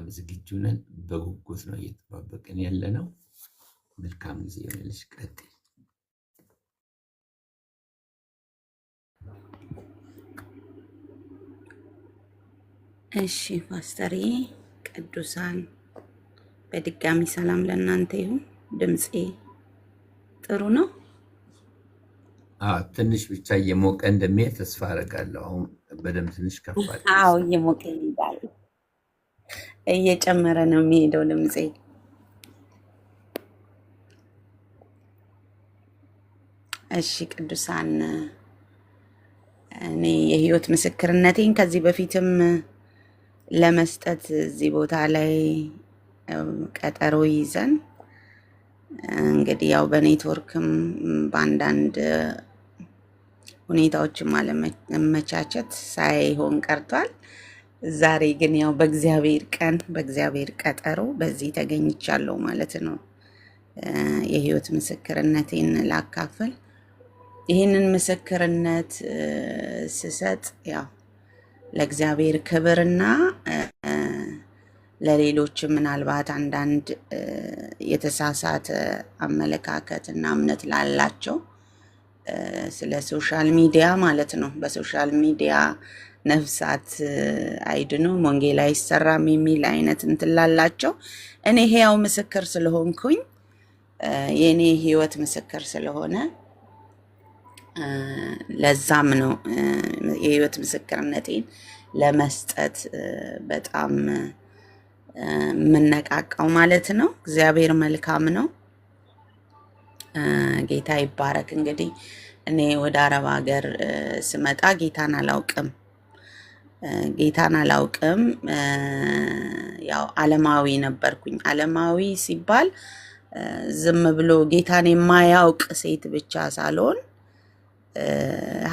በጣም ዝግጁ ነን። በጉጉት ነው እየተጠባበቅን ያለ ነው። መልካም ጊዜ ይሆንልሽ። ቀጥ እሺ፣ ፓስተሬ ቅዱሳን በድጋሚ ሰላም ለእናንተ ይሁን። ድምፄ ጥሩ ነው? ትንሽ ብቻ እየሞቀ እንደሚሄድ ተስፋ አደርጋለሁ። አሁን በደንብ ትንሽ ከፋል። አዎ እየሞቀ ይሄዳል። እየጨመረ ነው የሚሄደው ድምፄ። እሺ ቅዱሳን፣ እኔ የህይወት ምስክርነቴን ከዚህ በፊትም ለመስጠት እዚህ ቦታ ላይ ቀጠሮ ይዘን እንግዲህ ያው በኔትወርክም በአንዳንድ ሁኔታዎችም አለመቻቸት ሳይሆን ቀርቷል። ዛሬ ግን ያው በእግዚአብሔር ቀን በእግዚአብሔር ቀጠሮ በዚህ ተገኝቻለሁ ማለት ነው። የህይወት ምስክርነቴን ላካፍል። ይህንን ምስክርነት ስሰጥ ያው ለእግዚአብሔር ክብርና ለሌሎች ምናልባት አንዳንድ የተሳሳተ አመለካከትና እምነት ላላቸው ስለ ሶሻል ሚዲያ ማለት ነው በሶሻል ሚዲያ ነፍሳት አይድኑም፣ ወንጌል አይሰራም የሚል አይነት እንትላላቸው። ላላቸው እኔ ሕያው ምስክር ስለሆንኩኝ የእኔ ህይወት ምስክር ስለሆነ ለዛም ነው የህይወት ምስክርነቴን ለመስጠት በጣም የምነቃቃው ማለት ነው። እግዚአብሔር መልካም ነው። ጌታ ይባረክ። እንግዲህ እኔ ወደ አረብ ሀገር ስመጣ ጌታን አላውቅም ጌታን አላውቅም። ያው አለማዊ ነበርኩኝ። አለማዊ ሲባል ዝም ብሎ ጌታን የማያውቅ ሴት ብቻ ሳልሆን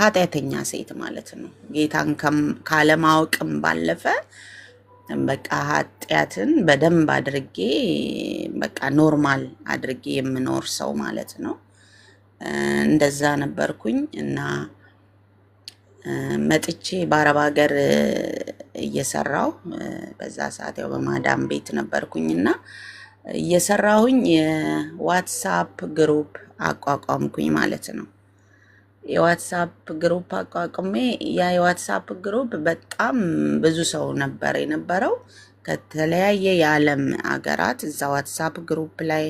ኃጢአተኛ ሴት ማለት ነው። ጌታን ካለማወቅም ባለፈ በቃ ኃጢአትን በደንብ አድርጌ በቃ ኖርማል አድርጌ የምኖር ሰው ማለት ነው። እንደዛ ነበርኩኝ እና መጥቼ በአረብ ሀገር እየሰራው በዛ ሰዓት ያው በማዳም ቤት ነበርኩኝና እየሰራሁኝ የዋትሳፕ ግሩፕ አቋቋምኩኝ ማለት ነው። የዋትሳፕ ግሩፕ አቋቁሜ ያ የዋትሳፕ ግሩፕ በጣም ብዙ ሰው ነበር የነበረው ከተለያየ የዓለም ሀገራት እዛ ዋትሳፕ ግሩፕ ላይ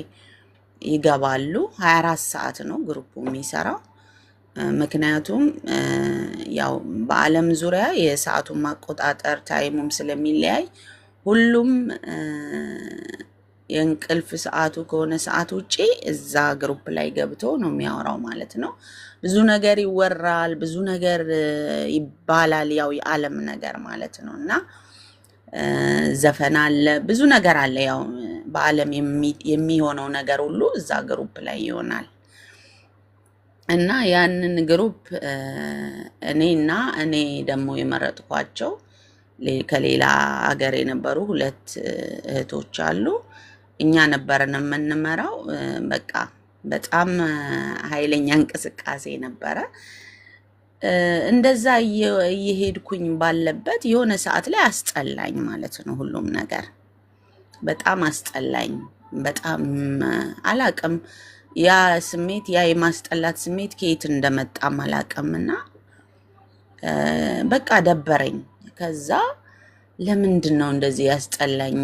ይገባሉ። 24 ሰዓት ነው ግሩፑ የሚሰራው። ምክንያቱም ያው በዓለም ዙሪያ የሰዓቱን ማቆጣጠር ታይሙም ስለሚለያይ ሁሉም የእንቅልፍ ሰዓቱ ከሆነ ሰዓት ውጪ እዛ ግሩፕ ላይ ገብቶ ነው የሚያወራው ማለት ነው። ብዙ ነገር ይወራል፣ ብዙ ነገር ይባላል። ያው የዓለም ነገር ማለት ነው እና ዘፈን አለ፣ ብዙ ነገር አለ። ያው በዓለም የሚሆነው ነገር ሁሉ እዛ ግሩፕ ላይ ይሆናል። እና ያንን ግሩፕ እኔና እኔ ደግሞ የመረጥኳቸው ከሌላ ሀገር የነበሩ ሁለት እህቶች አሉ። እኛ ነበርን የምንመራው። በቃ በጣም ኃይለኛ እንቅስቃሴ ነበረ። እንደዛ እየሄድኩኝ ባለበት የሆነ ሰዓት ላይ አስጠላኝ ማለት ነው። ሁሉም ነገር በጣም አስጠላኝ። በጣም አላቅም ያ ስሜት ያ የማስጠላት ስሜት ከየት እንደመጣም አላውቅም። እና በቃ ደበረኝ። ከዛ ለምንድን ነው እንደዚህ ያስጠላኝ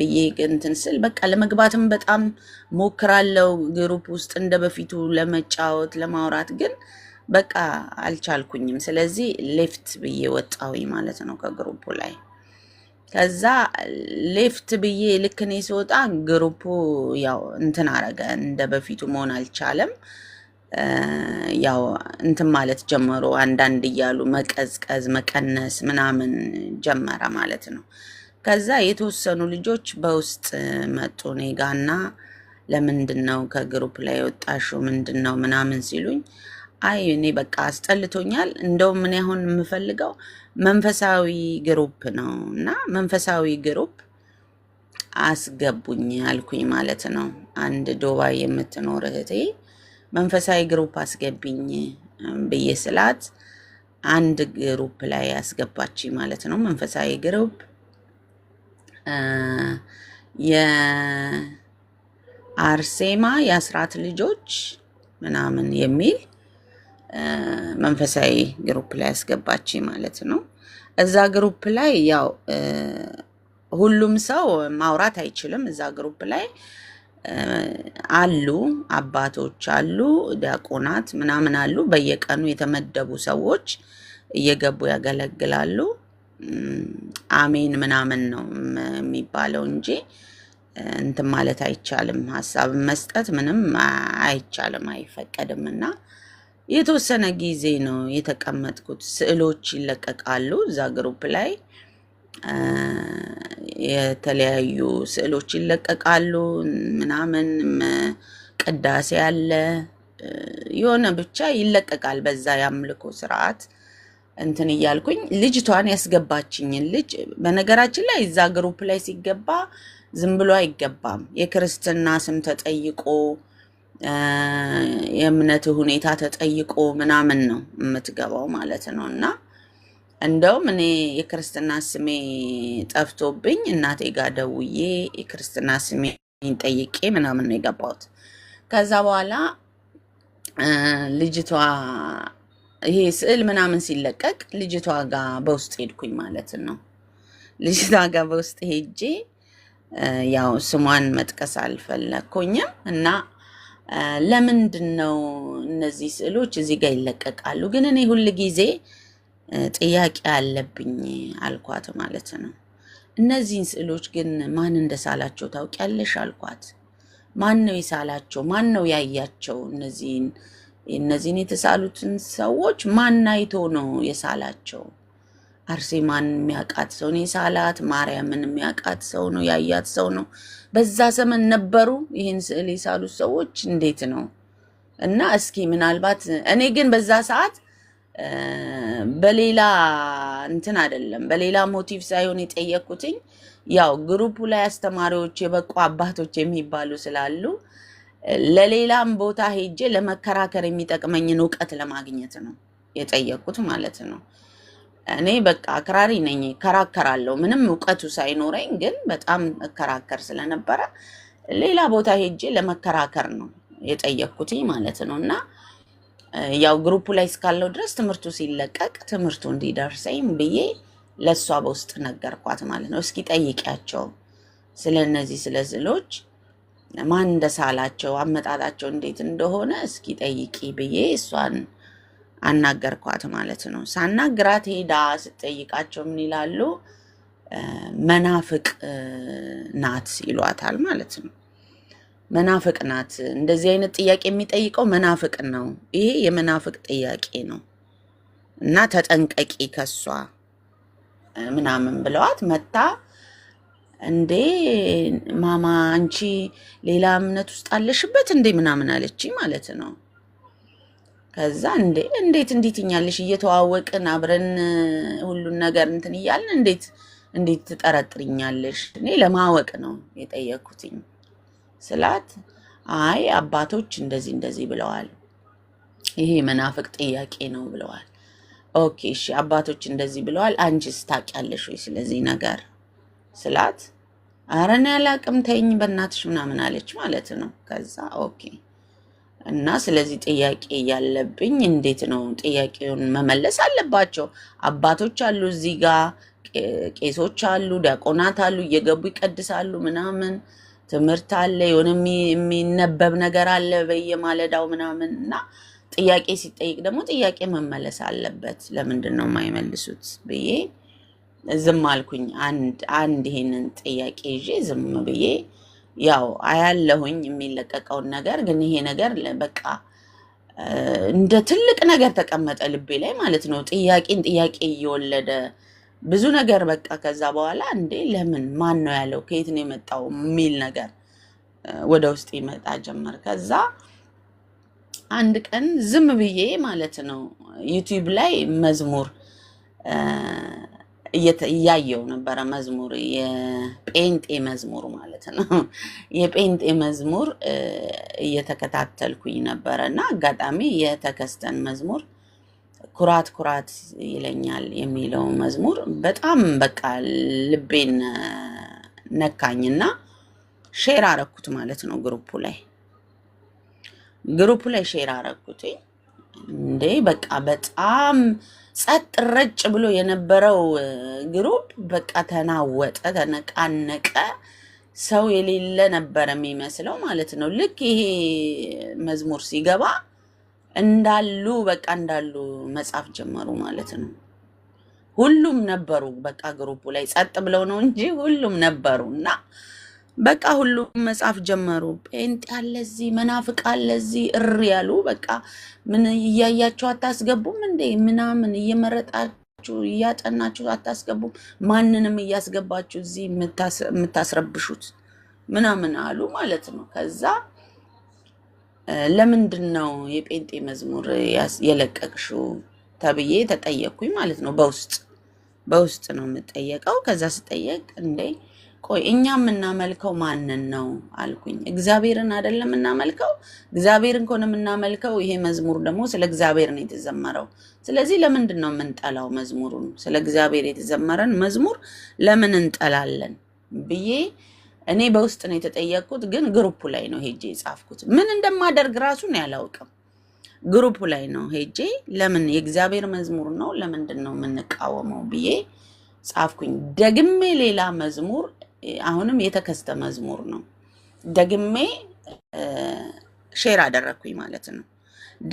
ብዬ እንትን ስል በቃ ለመግባትም በጣም ሞክራለው ግሩፕ ውስጥ እንደ በፊቱ ለመጫወት ለማውራት፣ ግን በቃ አልቻልኩኝም። ስለዚህ ሌፍት ብዬ ወጣሁኝ ማለት ነው ከግሩፑ ላይ። ከዛ ሌፍት ብዬ ልክ እኔ ስወጣ ግሩፑ ያው እንትን አረገ። እንደ በፊቱ መሆን አልቻለም። ያው እንትን ማለት ጀመሩ። አንዳንድ እያሉ መቀዝቀዝ፣ መቀነስ ምናምን ጀመረ ማለት ነው። ከዛ የተወሰኑ ልጆች በውስጥ መጡ ኔጋና ጋና ለምንድን ነው ከግሩፕ ላይ የወጣሽው ምንድን ነው ምናምን ሲሉኝ አይ እኔ በቃ አስጠልቶኛል። እንደውም ምን ያሁን የምፈልገው መንፈሳዊ ግሩፕ ነው እና መንፈሳዊ ግሩፕ አስገቡኝ አልኩኝ ማለት ነው። አንድ ዶባይ የምትኖር እህቴ መንፈሳዊ ግሩፕ አስገቢኝ ብዬ ስላት አንድ ግሩፕ ላይ አስገባች ማለት ነው። መንፈሳዊ ግሩፕ የአርሴማ የአስራት ልጆች ምናምን የሚል መንፈሳዊ ግሩፕ ላይ ያስገባች ማለት ነው። እዛ ግሩፕ ላይ ያው ሁሉም ሰው ማውራት አይችልም። እዛ ግሩፕ ላይ አሉ አባቶች አሉ፣ ዲያቆናት ምናምን አሉ። በየቀኑ የተመደቡ ሰዎች እየገቡ ያገለግላሉ። አሜን ምናምን ነው የሚባለው እንጂ እንትን ማለት አይቻልም። ሀሳብ መስጠት ምንም አይቻልም፣ አይፈቀድም እና የተወሰነ ጊዜ ነው የተቀመጥኩት። ስዕሎች ይለቀቃሉ እዛ ግሩፕ ላይ የተለያዩ ስዕሎች ይለቀቃሉ ምናምን፣ ቅዳሴ አለ የሆነ ብቻ ይለቀቃል። በዛ የአምልኮ ስርዓት እንትን እያልኩኝ ልጅቷን ያስገባችኝን ልጅ በነገራችን ላይ እዛ ግሩፕ ላይ ሲገባ ዝም ብሎ አይገባም። የክርስትና ስም ተጠይቆ የእምነት ሁኔታ ተጠይቆ ምናምን ነው የምትገባው ማለት ነው። እና እንደውም እኔ የክርስትና ስሜ ጠፍቶብኝ እናቴ ጋር ደውዬ የክርስትና ስሜ ጠይቄ ምናምን ነው የገባሁት። ከዛ በኋላ ልጅቷ ይሄ ስዕል ምናምን ሲለቀቅ ልጅቷ ጋር በውስጥ ሄድኩኝ ማለት ነው። ልጅቷ ጋር በውስጥ ሄጄ ያው ስሟን መጥቀስ አልፈለግኩኝም እና ለምንድን ነው እነዚህ ስዕሎች እዚህ ጋር ይለቀቃሉ? ግን እኔ ሁል ጊዜ ጥያቄ አለብኝ አልኳት ማለት ነው። እነዚህን ስዕሎች ግን ማን እንደሳላቸው ታውቂያለሽ አልኳት። ማን ነው የሳላቸው? ማን ነው ያያቸው? እነዚህን እነዚህን የተሳሉትን ሰዎች ማን አይቶ ነው የሳላቸው? አርሴማን የሚያውቃት ሰው ነው፣ የሳላት ማርያምን የሚያውቃት ሰው ነው፣ ያያት ሰው ነው። በዛ ዘመን ነበሩ ይህን ስዕል የሳሉት ሰዎች እንዴት ነው? እና እስኪ ምናልባት እኔ ግን በዛ ሰዓት በሌላ እንትን አይደለም በሌላ ሞቲቭ ሳይሆን የጠየቅኩትኝ ያው ግሩፑ ላይ አስተማሪዎች የበቁ አባቶች የሚባሉ ስላሉ ለሌላም ቦታ ሄጄ ለመከራከር የሚጠቅመኝን እውቀት ለማግኘት ነው የጠየቅኩት ማለት ነው። እኔ በቃ አክራሪ ነኝ፣ እከራከራለሁ። ምንም እውቀቱ ሳይኖረኝ ግን በጣም እከራከር ስለነበረ ሌላ ቦታ ሄጄ ለመከራከር ነው የጠየቅኩትኝ ማለት ነው። እና ያው ግሩፕ ላይ እስካለው ድረስ ትምህርቱ ሲለቀቅ ትምህርቱ እንዲደርሰኝ ብዬ ለእሷ በውስጥ ነገርኳት ማለት ነው። እስኪ ጠይቂያቸው ስለ እነዚህ ስለ ስዕሎች ማን እንደሳላቸው አመጣጣቸው እንዴት እንደሆነ እስኪ ጠይቂ ብዬ እሷን አናገርኳት ማለት ነው። ሳናግራት ሄዳ ስትጠይቃቸው ምን ይላሉ? መናፍቅ ናት ይሏታል ማለት ነው። መናፍቅ ናት። እንደዚህ አይነት ጥያቄ የሚጠይቀው መናፍቅ ነው። ይሄ የመናፍቅ ጥያቄ ነው እና ተጠንቀቂ ከሷ ምናምን ብለዋት መታ። እንዴ ማማ አንቺ ሌላ እምነት ውስጥ አለሽበት እንዴ ምናምን አለች ማለት ነው። ከዛ እንዴ እንዴት እንዲህ ትኛለሽ? እየተዋወቅን አብረን ሁሉን ነገር እንትን እያልን እንዴት እንዴት ትጠረጥርኛለሽ? እኔ ለማወቅ ነው የጠየኩትኝ ስላት አይ አባቶች እንደዚህ እንደዚህ ብለዋል፣ ይሄ መናፍቅ ጥያቄ ነው ብለዋል። ኦኬ እሺ አባቶች እንደዚህ ብለዋል፣ አንቺስ ታውቂያለሽ ወይ ስለዚህ ነገር ስላት አረ እኔ አላቅም ተይኝ በእናትሽ ምናምን አለች ማለት ነው። ከዛ ኦኬ እና ስለዚህ ጥያቄ ያለብኝ እንዴት ነው? ጥያቄውን መመለስ አለባቸው። አባቶች አሉ እዚህ ጋር ቄሶች አሉ፣ ዲያቆናት አሉ፣ እየገቡ ይቀድሳሉ ምናምን ትምህርት አለ፣ የሆነ የሚነበብ ነገር አለ በየማለዳው ምናምን እና ጥያቄ ሲጠይቅ ደግሞ ጥያቄ መመለስ አለበት። ለምንድን ነው የማይመልሱት ብዬ ዝም አልኩኝ። አንድ ይሄንን ጥያቄ ይዤ ዝም ብዬ ያው አያለሁኝ የሚለቀቀውን ነገር ግን ይሄ ነገር በቃ እንደ ትልቅ ነገር ተቀመጠ ልቤ ላይ ማለት ነው። ጥያቄን ጥያቄ እየወለደ ብዙ ነገር በቃ ከዛ በኋላ እንዴ ለምን ማን ነው ያለው ከየት ነው የመጣው የሚል ነገር ወደ ውስጥ ይመጣ ጀመር። ከዛ አንድ ቀን ዝም ብዬ ማለት ነው ዩቲዩብ ላይ መዝሙር እያየው ነበረ መዝሙር የጴንጤ መዝሙር ማለት ነው። የጴንጤ መዝሙር እየተከታተልኩኝ ነበረ እና አጋጣሚ የተከስተን መዝሙር ኩራት ኩራት ይለኛል የሚለው መዝሙር በጣም በቃ ልቤን ነካኝና ሼር አረኩት ማለት ነው። ግሩፑ ላይ ግሩፑ ላይ ሼር አረኩት። እንዴ በቃ በጣም ጸጥ ረጭ ብሎ የነበረው ግሩፕ በቃ ተናወጠ፣ ተነቃነቀ። ሰው የሌለ ነበረ የሚመስለው ማለት ነው። ልክ ይሄ መዝሙር ሲገባ እንዳሉ በቃ እንዳሉ መጻፍ ጀመሩ ማለት ነው። ሁሉም ነበሩ በቃ ግሩፑ ላይ ጸጥ ብለው ነው እንጂ ሁሉም ነበሩ እና በቃ ሁሉም መጽሐፍ ጀመሩ። ጴንጤ አለዚህ መናፍቅ አለ እር ያሉ በቃ ምን እያያችሁ አታስገቡም እንዴ ምናምን እየመረጣችሁ እያጠናችሁ አታስገቡም? ማንንም እያስገባችሁ እዚህ የምታስረብሹት ምናምን አሉ ማለት ነው። ከዛ ለምንድን ነው የጴንጤ መዝሙር የለቀቅሽው ተብዬ ተጠየቅኩኝ ማለት ነው። በውስጥ በውስጥ ነው የምጠየቀው። ከዛ ስጠየቅ እንዴ ቆይ እኛ የምናመልከው ማንን ነው አልኩኝ። እግዚአብሔርን አይደለም የምናመልከው? እግዚአብሔርን ከሆነ የምናመልከው ይሄ መዝሙር ደግሞ ስለ እግዚአብሔር ነው የተዘመረው። ስለዚህ ለምንድን ነው የምንጠላው መዝሙሩን? ስለ እግዚአብሔር የተዘመረን መዝሙር ለምን እንጠላለን ብዬ እኔ በውስጥ ነው የተጠየቅኩት። ግን ግሩፑ ላይ ነው ሄጄ የጻፍኩት። ምን እንደማደርግ ራሱን ያላውቅም። ግሩፑ ላይ ነው ሄጄ ለምን የእግዚአብሔር መዝሙር ነው ለምንድን ነው የምንቃወመው ብዬ ጻፍኩኝ። ደግሜ ሌላ መዝሙር አሁንም የተከስተ መዝሙር ነው። ደግሜ ሼር አደረግኩኝ ማለት ነው።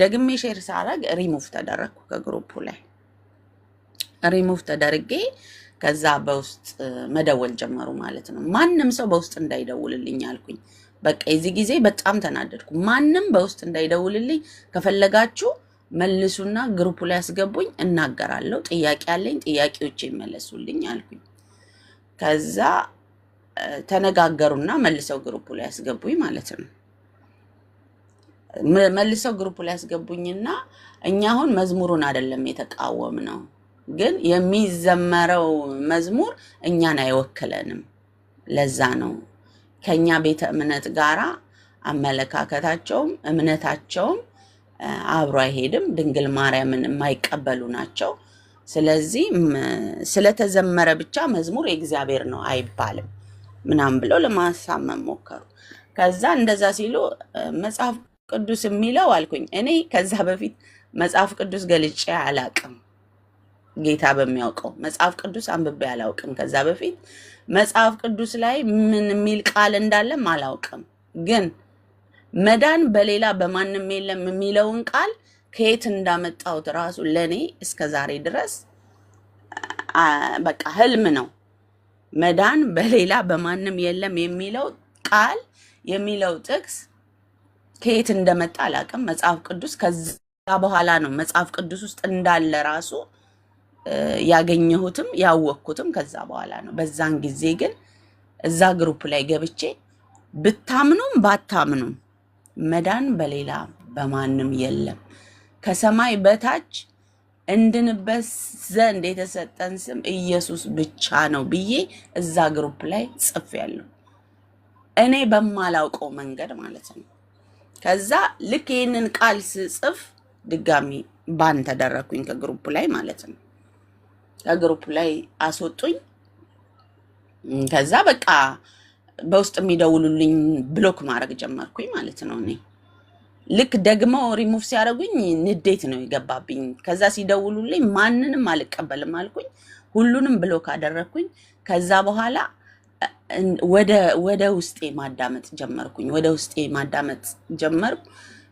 ደግሜ ሼር ሳረግ ሪሙቭ ተደረግኩ ከግሩፑ ላይ ሪሙቭ ተደርጌ ከዛ በውስጥ መደወል ጀመሩ ማለት ነው። ማንም ሰው በውስጥ እንዳይደውልልኝ አልኩኝ። በቃ የዚህ ጊዜ በጣም ተናደድኩ። ማንም በውስጥ እንዳይደውልልኝ ከፈለጋችሁ መልሱና ግሩፑ ላይ ያስገቡኝ፣ እናገራለሁ። ጥያቄ አለኝ፣ ጥያቄዎች ይመለሱልኝ አልኩኝ። ከዛ ተነጋገሩና መልሰው ግሩፑ ላይ ያስገቡኝ ማለት ነው። መልሰው ግሩፕ ላይ ያስገቡኝና እኛ አሁን መዝሙሩን አይደለም የተቃወም ነው፣ ግን የሚዘመረው መዝሙር እኛን አይወክለንም። ለዛ ነው ከኛ ቤተ እምነት ጋራ አመለካከታቸውም እምነታቸውም አብሮ አይሄድም። ድንግል ማርያምን የማይቀበሉ ናቸው። ስለዚህ ስለተዘመረ ብቻ መዝሙር የእግዚአብሔር ነው አይባልም። ምናምን ብለው ለማሳመን ሞከሩ። ከዛ እንደዛ ሲሉ መጽሐፍ ቅዱስ የሚለው አልኩኝ። እኔ ከዛ በፊት መጽሐፍ ቅዱስ ገልጬ አላቅም። ጌታ በሚያውቀው መጽሐፍ ቅዱስ አንብቤ አላውቅም። ከዛ በፊት መጽሐፍ ቅዱስ ላይ ምን የሚል ቃል እንዳለም አላውቅም። ግን መዳን በሌላ በማንም የለም የሚለውን ቃል ከየት እንዳመጣሁት ራሱ ለእኔ እስከ ዛሬ ድረስ በቃ ህልም ነው። መዳን በሌላ በማንም የለም የሚለው ቃል የሚለው ጥቅስ ከየት እንደመጣ አላውቅም። መጽሐፍ ቅዱስ ከዛ በኋላ ነው መጽሐፍ ቅዱስ ውስጥ እንዳለ ራሱ ያገኘሁትም ያወቅኩትም ከዛ በኋላ ነው። በዛን ጊዜ ግን እዛ ግሩፕ ላይ ገብቼ ብታምኑም ባታምኑም መዳን በሌላ በማንም የለም ከሰማይ በታች እንድንበት ዘንድ የተሰጠን ስም ኢየሱስ ብቻ ነው ብዬ እዛ ግሩፕ ላይ ጽፌያለሁ። እኔ በማላውቀው መንገድ ማለት ነው። ከዛ ልክ ይህንን ቃል ስጽፍ ድጋሚ ባን ተደረግኩኝ ከግሩፕ ላይ ማለት ነው። ከግሩፕ ላይ አስወጡኝ። ከዛ በቃ በውስጥ የሚደውሉልኝ ብሎክ ማድረግ ጀመርኩኝ ማለት ነው እኔ ልክ ደግሞ ሪሙቭ ሲያደርጉኝ ንዴት ነው የገባብኝ። ከዛ ሲደውሉልኝ ማንንም አልቀበልም አልኩኝ። ሁሉንም ብሎክ አደረግኩኝ። ከዛ በኋላ ወደ ውስጤ ማዳመጥ ጀመርኩኝ። ወደ ውስጤ ማዳመጥ ጀመርኩ።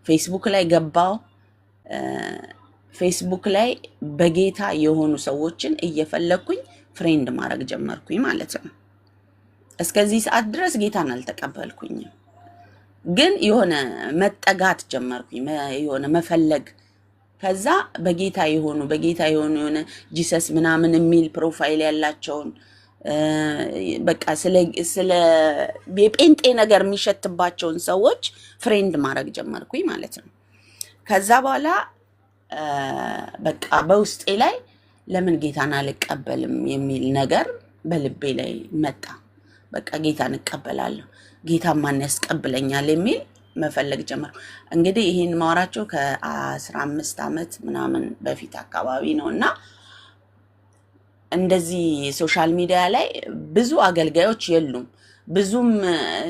ፌስቡክ ላይ ገባው። ፌስቡክ ላይ በጌታ የሆኑ ሰዎችን እየፈለግኩኝ ፍሬንድ ማድረግ ጀመርኩኝ ማለት ነው። እስከዚህ ሰዓት ድረስ ጌታን አልተቀበልኩኝም። ግን የሆነ መጠጋት ጀመርኩኝ፣ የሆነ መፈለግ። ከዛ በጌታ የሆኑ በጌታ የሆኑ የሆነ ጂሰስ ምናምን የሚል ፕሮፋይል ያላቸውን በቃ ስለ የጴንጤ ነገር የሚሸትባቸውን ሰዎች ፍሬንድ ማድረግ ጀመርኩኝ ማለት ነው። ከዛ በኋላ በቃ በውስጤ ላይ ለምን ጌታን አልቀበልም የሚል ነገር በልቤ ላይ መጣ። በቃ ጌታን እቀበላለሁ ጌታ ማን ያስቀብለኛል የሚል መፈለግ ጀመሩ። እንግዲህ ይህን ማውራቸው ከአስራ አምስት ዓመት ምናምን በፊት አካባቢ ነው እና እንደዚህ ሶሻል ሚዲያ ላይ ብዙ አገልጋዮች የሉም። ብዙም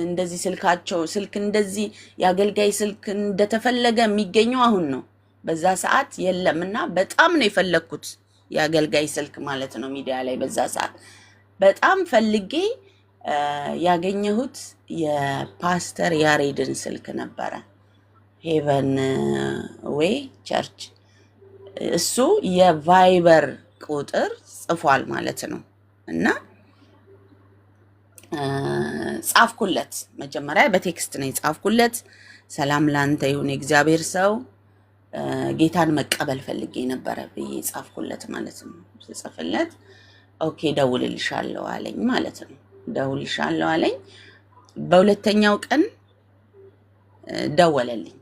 እንደዚህ ስልካቸው ስልክ እንደዚህ የአገልጋይ ስልክ እንደተፈለገ የሚገኘው አሁን ነው። በዛ ሰዓት የለም እና በጣም ነው የፈለግኩት የአገልጋይ ስልክ ማለት ነው። ሚዲያ ላይ በዛ ሰዓት በጣም ፈልጌ ያገኘሁት የፓስተር ያሬድን ስልክ ነበረ። ሄቨን ዌይ ቸርች እሱ የቫይበር ቁጥር ጽፏል ማለት ነው። እና ጻፍኩለት። መጀመሪያ በቴክስት ነው የጻፍኩለት። ሰላም ላንተ ይሁን የእግዚአብሔር ሰው ጌታን መቀበል ፈልጌ ነበረ ብዬ ጻፍኩለት ማለት ነው። ስጽፍለት ኦኬ ደውልልሻለሁ አለኝ ማለት ነው። ደውልሻለሁ አለኝ። በሁለተኛው ቀን ደወለልኝ።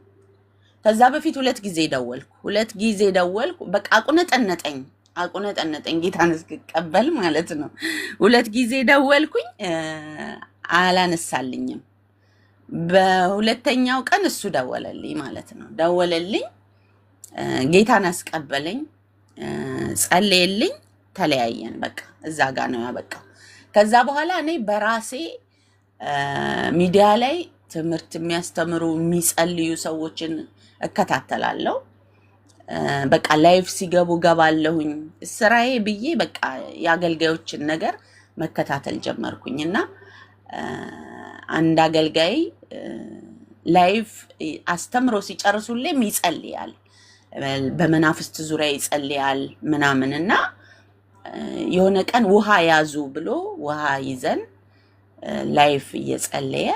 ከዛ በፊት ሁለት ጊዜ ደወልኩ፣ ሁለት ጊዜ ደወልኩ። በቃ አቁነጠነጠኝ አቁነጠነጠኝ ጌታን እስክቀበል ማለት ነው። ሁለት ጊዜ ደወልኩኝ፣ አላነሳልኝም። በሁለተኛው ቀን እሱ ደወለልኝ ማለት ነው። ደወለልኝ፣ ጌታን አስቀበለኝ፣ ጸለየልኝ፣ ተለያየን። በቃ እዛ ጋ ነው ያበቃው። ከዛ በኋላ እኔ በራሴ ሚዲያ ላይ ትምህርት የሚያስተምሩ የሚጸልዩ ሰዎችን እከታተላለሁ። በቃ ላይፍ ሲገቡ ገባለሁኝ። ስራዬ ብዬ በቃ የአገልጋዮችን ነገር መከታተል ጀመርኩኝ እና አንድ አገልጋይ ላይፍ አስተምሮ ሲጨርሱልም ይጸልያል፣ በመናፍስት ዙሪያ ይጸልያል ምናምን እና የሆነ ቀን ውሃ ያዙ ብሎ ውሃ ይዘን ላይፍ እየጸለየ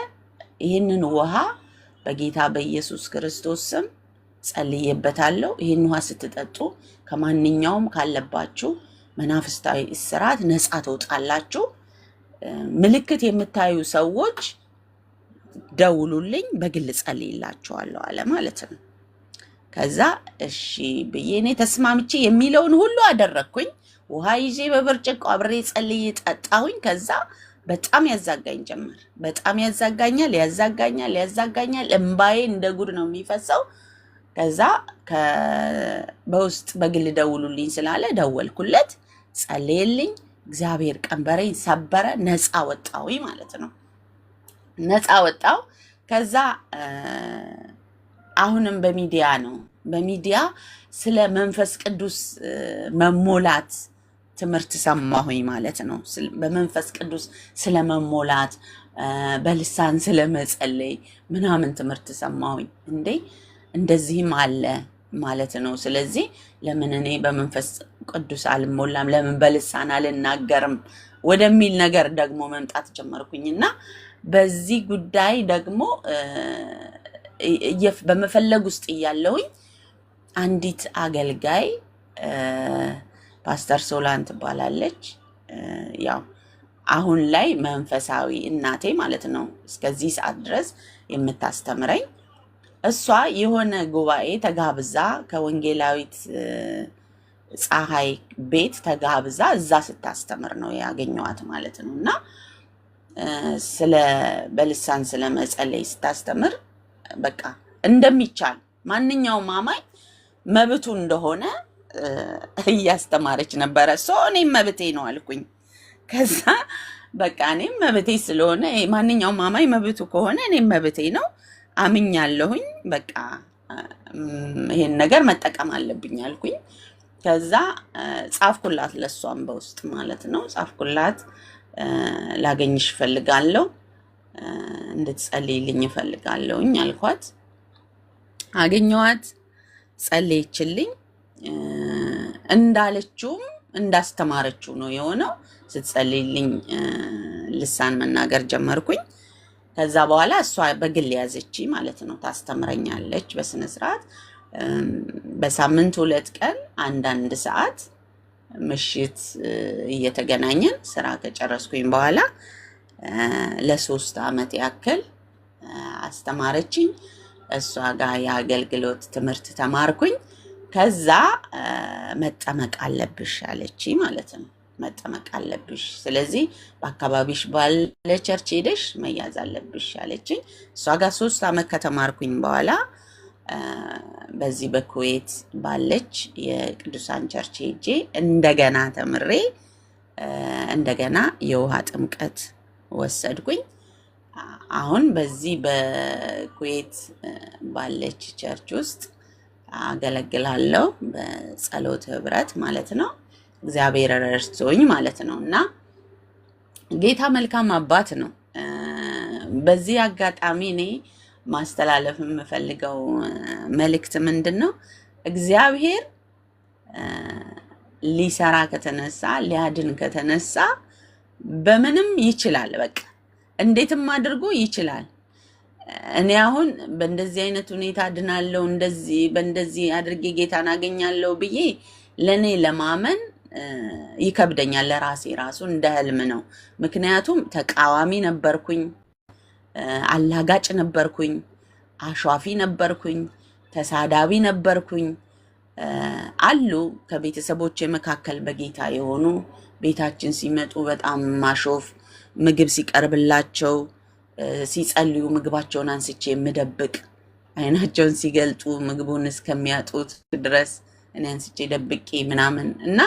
ይህንን ውሃ በጌታ በኢየሱስ ክርስቶስ ስም ጸልዬበታለሁ። ይህን ውሃ ስትጠጡ ከማንኛውም ካለባችሁ መናፍስታዊ እስራት ነፃ ትወጣላችሁ። ምልክት የምታዩ ሰዎች ደውሉልኝ፣ በግል ጸልይላችኋለሁ አለ ማለት ነው። ከዛ እሺ ብዬ እኔ ተስማምቼ የሚለውን ሁሉ አደረግኩኝ። ውሃ ይዤ በብርጭቆ አብሬ ጸልይ ጠጣሁኝ። ከዛ በጣም ያዛጋኝ ጀመር። በጣም ያዛጋኛል፣ ያዛጋኛል፣ ያዛጋኛል። እምባዬ እንደ ጉድ ነው የሚፈሰው። ከዛ በውስጥ በግል ደውሉልኝ ስላለ ደወልኩለት። ጸልየልኝ፣ እግዚአብሔር ቀንበሬ ሰበረ። ነፃ ወጣሁኝ ማለት ነው። ነፃ ወጣው። ከዛ አሁንም በሚዲያ ነው በሚዲያ ስለ መንፈስ ቅዱስ መሞላት ትምህርት ሰማሁኝ ማለት ነው። በመንፈስ ቅዱስ ስለመሞላት በልሳን ስለመጸለይ ምናምን ትምህርት ሰማሁኝ። እንዴ እንደዚህም አለ ማለት ነው። ስለዚህ ለምን እኔ በመንፈስ ቅዱስ አልሞላም፣ ለምን በልሳን አልናገርም ወደሚል ነገር ደግሞ መምጣት ጀመርኩኝ እና በዚህ ጉዳይ ደግሞ በመፈለግ ውስጥ እያለሁኝ አንዲት አገልጋይ ፓስተር ሶላን ትባላለች። ያው አሁን ላይ መንፈሳዊ እናቴ ማለት ነው። እስከዚህ ሰዓት ድረስ የምታስተምረኝ እሷ የሆነ ጉባኤ ተጋብዛ ከወንጌላዊት ፀሐይ ቤት ተጋብዛ እዛ ስታስተምር ነው ያገኘዋት ማለት ነው። እና ስለ በልሳን ስለ መጸለይ ስታስተምር በቃ እንደሚቻል ማንኛውም አማኝ መብቱ እንደሆነ እያስተማረች ነበረ። ሶ እኔም መብቴ ነው አልኩኝ። ከዛ በቃ እኔም መብቴ ስለሆነ ማንኛውም አማኝ መብቱ ከሆነ እኔም መብቴ ነው አምኛለሁኝ። በቃ ይሄን ነገር መጠቀም አለብኝ አልኩኝ። ከዛ ጻፍኩላት፣ ለሷም በውስጥ ማለት ነው ጻፍኩላት። ላገኝሽ እፈልጋለሁ እንድትጸልይልኝ እፈልጋለሁኝ አልኳት። አገኘዋት፣ ጸለየችልኝ። እንዳለችውም እንዳስተማረችው ነው የሆነው። ስትጸልይልኝ ልሳን መናገር ጀመርኩኝ። ከዛ በኋላ እሷ በግል ያዘች ማለት ነው። ታስተምረኛለች በስነ ስርዓት በሳምንት ሁለት ቀን አንዳንድ ሰዓት ምሽት እየተገናኘን ስራ ከጨረስኩኝ በኋላ ለሶስት አመት ያክል አስተማረችኝ። እሷ ጋር የአገልግሎት ትምህርት ተማርኩኝ። ከዛ መጠመቅ አለብሽ አለች ማለት ነው። መጠመቅ አለብሽ፣ ስለዚህ በአካባቢሽ ባለ ቸርች ሄደሽ መያዝ አለብሽ አለች። እሷ ጋር ሶስት አመት ከተማርኩኝ በኋላ በዚህ በኩዌት ባለች የቅዱሳን ቸርች ሄጄ እንደገና ተምሬ እንደገና የውሃ ጥምቀት ወሰድኩኝ። አሁን በዚህ በኩዌት ባለች ቸርች ውስጥ አገለግላለሁ በጸሎት ህብረት ማለት ነው። እግዚአብሔር ረድቶኝ ማለት ነው እና ጌታ መልካም አባት ነው። በዚህ አጋጣሚ እኔ ማስተላለፍ የምፈልገው መልእክት ምንድን ነው? እግዚአብሔር ሊሰራ ከተነሳ ሊያድን ከተነሳ በምንም ይችላል። በቃ እንዴትም አድርጎ ይችላል። እኔ አሁን በእንደዚህ አይነት ሁኔታ ድናለው እንደዚህ በእንደዚህ አድርጌ ጌታን አገኛለው ብዬ ለእኔ ለማመን ይከብደኛል። ለራሴ ራሱ እንደ ህልም ነው። ምክንያቱም ተቃዋሚ ነበርኩኝ፣ አላጋጭ ነበርኩኝ፣ አሿፊ ነበርኩኝ፣ ተሳዳቢ ነበርኩኝ። አሉ ከቤተሰቦች መካከል በጌታ የሆኑ ቤታችን ሲመጡ በጣም ማሾፍ፣ ምግብ ሲቀርብላቸው ሲጸልዩ ምግባቸውን አንስቼ የምደብቅ አይናቸውን ሲገልጡ ምግቡን እስከሚያጡት ድረስ እኔ አንስቼ ደብቄ ምናምን እና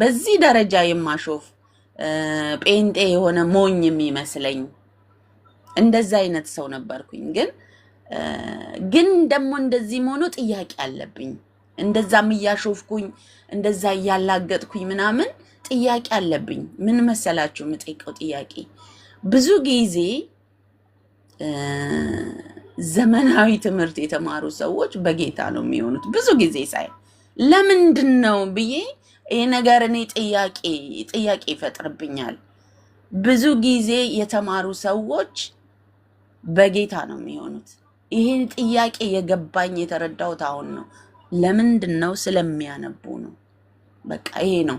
በዚህ ደረጃ የማሾፍ ጴንጤ የሆነ ሞኝ የሚመስለኝ እንደዛ አይነት ሰው ነበርኩኝ። ግን ግን ደግሞ እንደዚህ መሆኑ ጥያቄ አለብኝ። እንደዛም እያሾፍኩኝ እንደዛ እያላገጥኩኝ ምናምን ጥያቄ አለብኝ። ምን መሰላችሁ የምጠይቀው ጥያቄ ብዙ ጊዜ ዘመናዊ ትምህርት የተማሩ ሰዎች በጌታ ነው የሚሆኑት። ብዙ ጊዜ ሳይ ለምንድን ነው ብዬ ይህ ነገር እኔ ጥያቄ ጥያቄ ይፈጥርብኛል። ብዙ ጊዜ የተማሩ ሰዎች በጌታ ነው የሚሆኑት። ይህን ጥያቄ የገባኝ የተረዳሁት አሁን ነው። ለምንድን ነው? ስለሚያነቡ ነው። በቃ ይሄ ነው።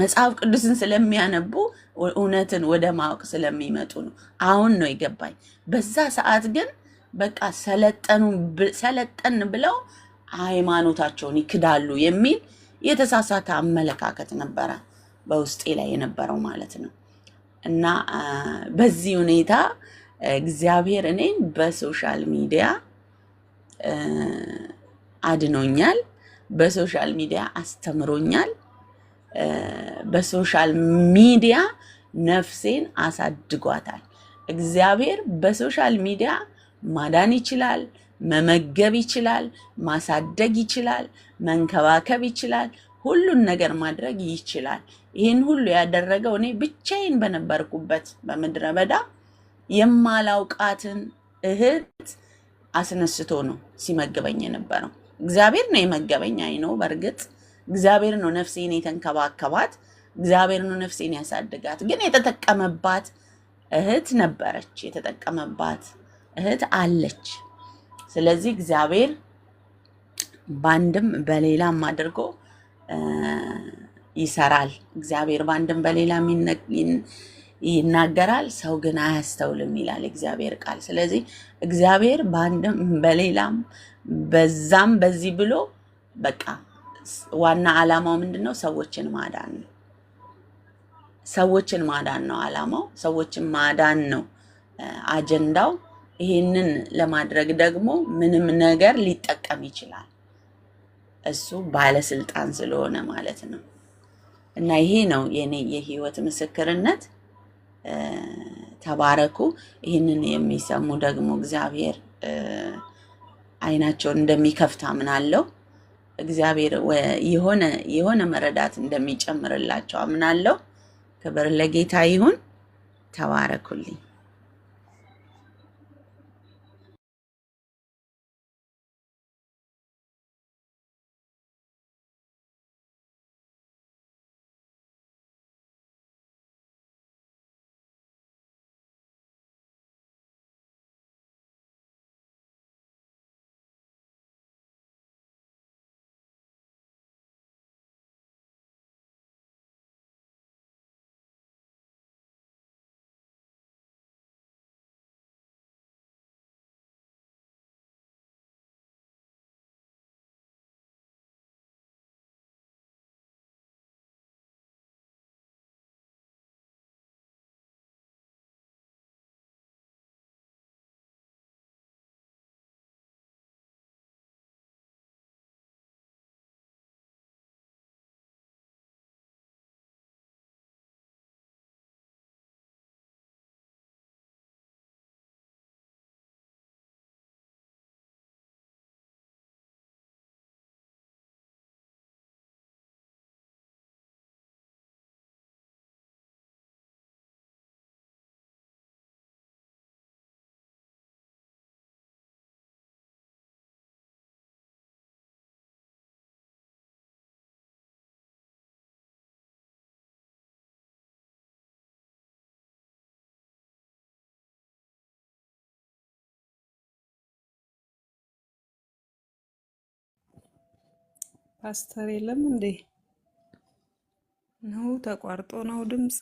መጽሐፍ ቅዱስን ስለሚያነቡ እውነትን ወደ ማወቅ ስለሚመጡ ነው። አሁን ነው የገባኝ። በዛ ሰዓት ግን በቃ ሰለጠን ብለው ሃይማኖታቸውን ይክዳሉ የሚል የተሳሳተ አመለካከት ነበረ በውስጤ ላይ የነበረው ማለት ነው። እና በዚህ ሁኔታ እግዚአብሔር እኔን በሶሻል ሚዲያ አድኖኛል፣ በሶሻል ሚዲያ አስተምሮኛል። በሶሻል ሚዲያ ነፍሴን አሳድጓታል። እግዚአብሔር በሶሻል ሚዲያ ማዳን ይችላል፣ መመገብ ይችላል፣ ማሳደግ ይችላል፣ መንከባከብ ይችላል፣ ሁሉን ነገር ማድረግ ይችላል። ይህን ሁሉ ያደረገው እኔ ብቻዬን በነበርኩበት በምድረ በዳ የማላውቃትን እህት አስነስቶ ነው ሲመግበኝ የነበረው። እግዚአብሔር ነው የመገበኝ አይነው በእርግጥ እግዚአብሔር ነው ነፍሴን የተንከባከባት፣ እግዚአብሔር ነው ነፍሴን ያሳድጋት። ግን የተጠቀመባት እህት ነበረች፣ የተጠቀመባት እህት አለች። ስለዚህ እግዚአብሔር በአንድም በሌላም አድርጎ ይሰራል። እግዚአብሔር በአንድም በሌላም ይናገራል፣ ሰው ግን አያስተውልም ይላል እግዚአብሔር ቃል። ስለዚህ እግዚአብሔር በአንድም በሌላም በዛም በዚህ ብሎ በቃ ዋና አላማው ምንድን ነው? ሰዎችን ማዳን ነው። ሰዎችን ማዳን ነው አላማው ሰዎችን ማዳን ነው አጀንዳው። ይህንን ለማድረግ ደግሞ ምንም ነገር ሊጠቀም ይችላል። እሱ ባለስልጣን ስለሆነ ማለት ነው። እና ይሄ ነው የኔ የህይወት ምስክርነት። ተባረኩ። ይህንን የሚሰሙ ደግሞ እግዚአብሔር አይናቸውን እንደሚከፍት አምናለሁ። እግዚአብሔር የሆነ የሆነ መረዳት እንደሚጨምርላቸው አምናለሁ። ክብር ለጌታ ይሁን። ተባረኩልኝ። ፓስተር የለም እንዴ ነው? ተቋርጦ ነው ድምፅ